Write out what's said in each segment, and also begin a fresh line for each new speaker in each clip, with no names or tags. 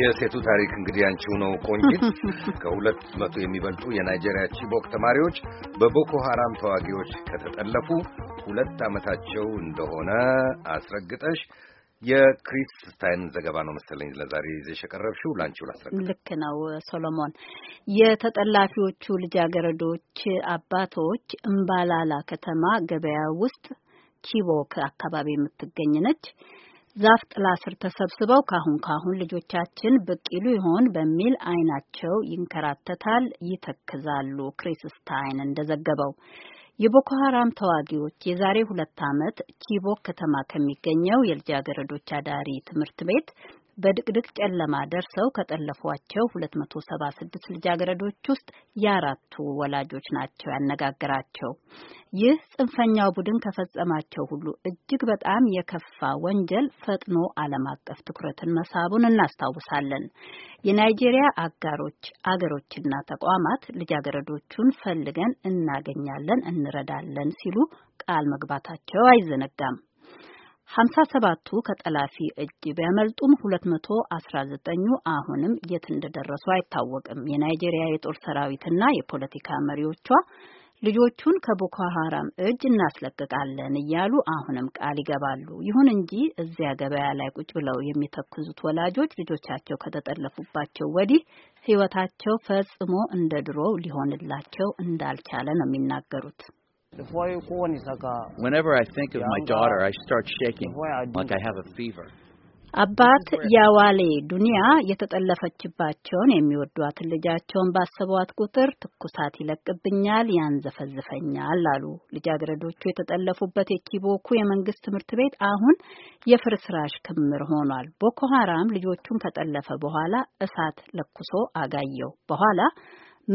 የሴቱ ታሪክ እንግዲህ አንቺው ነው ቆንጂት። ከሁለት መቶ የሚበልጡ የናይጄሪያ ቺቦክ ተማሪዎች በቦኮ ሐራም ተዋጊዎች ከተጠለፉ ሁለት ዓመታቸው እንደሆነ አስረግጠሽ የክሪስ ዘገባ ነው መሰለኝ ለዛሬ ይዘሽ የቀረብሽው። ላንቺው ላስረግጥ። ልክ ነው ሶሎሞን። የተጠላፊዎቹ ልጃገረዶች አባቶች እምባላላ ከተማ ገበያ ውስጥ ቺቦክ አካባቢ የምትገኝ ነች። ዛፍ ጥላ ስር ተሰብስበው ካሁን ካሁን ልጆቻችን ብቅ ይሉ ይሆን በሚል አይናቸው ይንከራተታል፣ ይተክዛሉ። ክሪስ ስታይን እንደዘገበው የቦኮ ሀራም ተዋጊዎች የዛሬ ሁለት ዓመት ቺቦክ ከተማ ከሚገኘው የልጃገረዶች አዳሪ ትምህርት ቤት በድቅድቅ ጨለማ ደርሰው ከጠለፏቸው 276 ልጃገረዶች ውስጥ የአራቱ ወላጆች ናቸው ያነጋግራቸው። ይህ ጽንፈኛው ቡድን ከፈጸማቸው ሁሉ እጅግ በጣም የከፋ ወንጀል ፈጥኖ ዓለም አቀፍ ትኩረትን መሳቡን እናስታውሳለን። የናይጄሪያ አጋሮች አገሮችና ተቋማት ልጃገረዶቹን ፈልገን እናገኛለን፣ እንረዳለን ሲሉ ቃል መግባታቸው አይዘነጋም። ሀምሳ ሰባቱ ከጠላፊ እጅ ቢያመልጡም ሁለት መቶ አስራ ዘጠኙ አሁንም የት እንደደረሱ አይታወቅም። የናይጄሪያ የጦር ሰራዊትና የፖለቲካ መሪዎቿ ልጆቹን ከቦኮ ሀራም እጅ እናስለቅቃለን እያሉ አሁንም ቃል ይገባሉ። ይሁን እንጂ እዚያ ገበያ ላይ ቁጭ ብለው የሚተክዙት ወላጆች ልጆቻቸው ከተጠለፉባቸው ወዲህ ሕይወታቸው ፈጽሞ እንደ ድሮው ሊሆንላቸው እንዳልቻለ ነው የሚናገሩት። Whenever I think of my daughter, I start shaking like I have a fever. አባት ያዋሌ ዱንያ የተጠለፈችባቸውን የሚወዷት ልጃቸውን ባሰቧት ቁጥር ትኩሳት ይለቅብኛል፣ ያንዘፈዝፈኛል አሉ። ልጃገረዶቹ የተጠለፉበት የኪቦኩ የመንግስት ትምህርት ቤት አሁን የፍርስራሽ ክምር ሆኗል። ቦኮ ሀራም ልጆቹን ከጠለፈ በኋላ እሳት ለኩሶ አጋየው በኋላ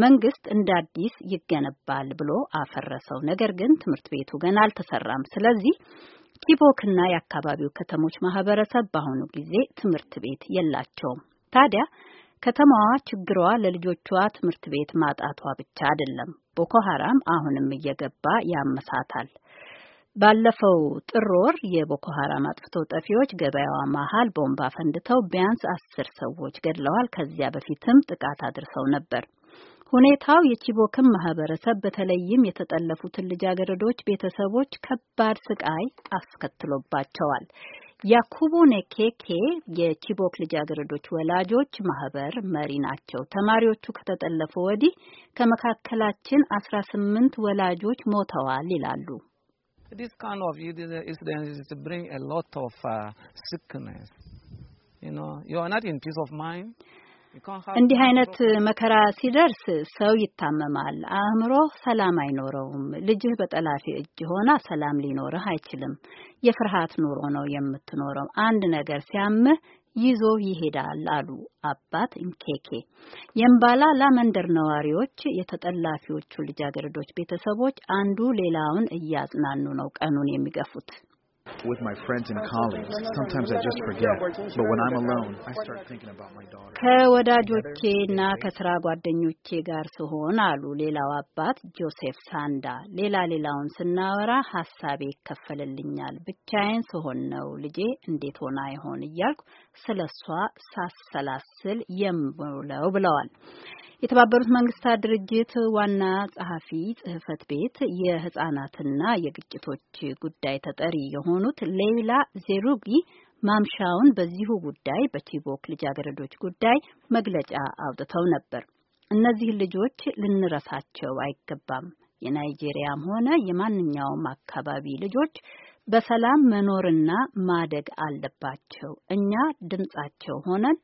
መንግስት እንደ አዲስ ይገነባል ብሎ አፈረሰው። ነገር ግን ትምህርት ቤቱ ገና አልተሰራም። ስለዚህ ቺቦክና የአካባቢው ከተሞች ማህበረሰብ በአሁኑ ጊዜ ትምህርት ቤት የላቸውም። ታዲያ ከተማዋ ችግሯ ለልጆቿ ትምህርት ቤት ማጣቷ ብቻ አይደለም። ቦኮ ሀራም አሁንም እየገባ ያመሳታል። ባለፈው ጥር ወር የቦኮ ሀራም አጥፍቶ ጠፊዎች ገበያዋ መሀል ቦምባ ፈንድተው ቢያንስ አስር ሰዎች ገድለዋል። ከዚያ በፊትም ጥቃት አድርሰው ነበር። ሁኔታው የቺቦክን ማህበረሰብ በተለይም የተጠለፉትን ልጃገረዶች ቤተሰቦች ከባድ ስቃይ አስከትሎባቸዋል። ያኩቡ ኔኬኬ የቺቦክ ልጃገረዶች ወላጆች ማህበር መሪ ናቸው። ተማሪዎቹ ከተጠለፉ ወዲህ ከመካከላችን አስራ ስምንት ወላጆች ሞተዋል ይላሉ። እንዲህ አይነት መከራ ሲደርስ ሰው ይታመማል። አእምሮ ሰላም አይኖረውም። ልጅህ በጠላፊ እጅ ሆና ሰላም ሊኖርህ አይችልም። የፍርሃት ኑሮ ነው የምትኖረው። አንድ ነገር ሲያምህ ይዞ ይሄዳል አሉ አባት ኢንኬኬ። የምባላ ላመንደር ነዋሪዎች የተጠላፊዎቹ ልጃገረዶች ቤተሰቦች አንዱ ሌላውን እያጽናኑ ነው ቀኑን የሚገፉት። with my friends and colleagues. Sometimes I just forget, but when I'm alone, I start thinking about my daughter. ከወዳጆቼ እና ከስራ ጓደኞቼ ጋር ስሆን አሉ ሌላው አባት ጆሴፍ ሳንዳ፣ ሌላ ሌላውን ስናወራ ሀሳቤ ይከፈልልኛል። ብቻዬን ስሆን ነው ልጄ እንዴት ሆና ይሆን እያልኩ ስለ እሷ ሳሰላስል የምውለው ብለዋል። የተባበሩት መንግስታት ድርጅት ዋና ጸሐፊ ጽህፈት ቤት የህጻናትና የግጭቶች ጉዳይ ተጠሪ የሆኑ የሆኑት ሌይላ ዜሩጊ ማምሻውን በዚሁ ጉዳይ በቲቦክ ልጃገረዶች ጉዳይ መግለጫ አውጥተው ነበር። እነዚህ ልጆች ልንረሳቸው አይገባም። የናይጄሪያም ሆነ የማንኛውም አካባቢ ልጆች በሰላም መኖርና ማደግ አለባቸው። እኛ ድምጻቸው ሆነን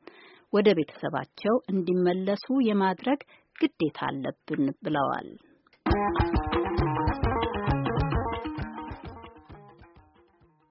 ወደ ቤተሰባቸው እንዲመለሱ የማድረግ ግዴታ አለብን ብለዋል።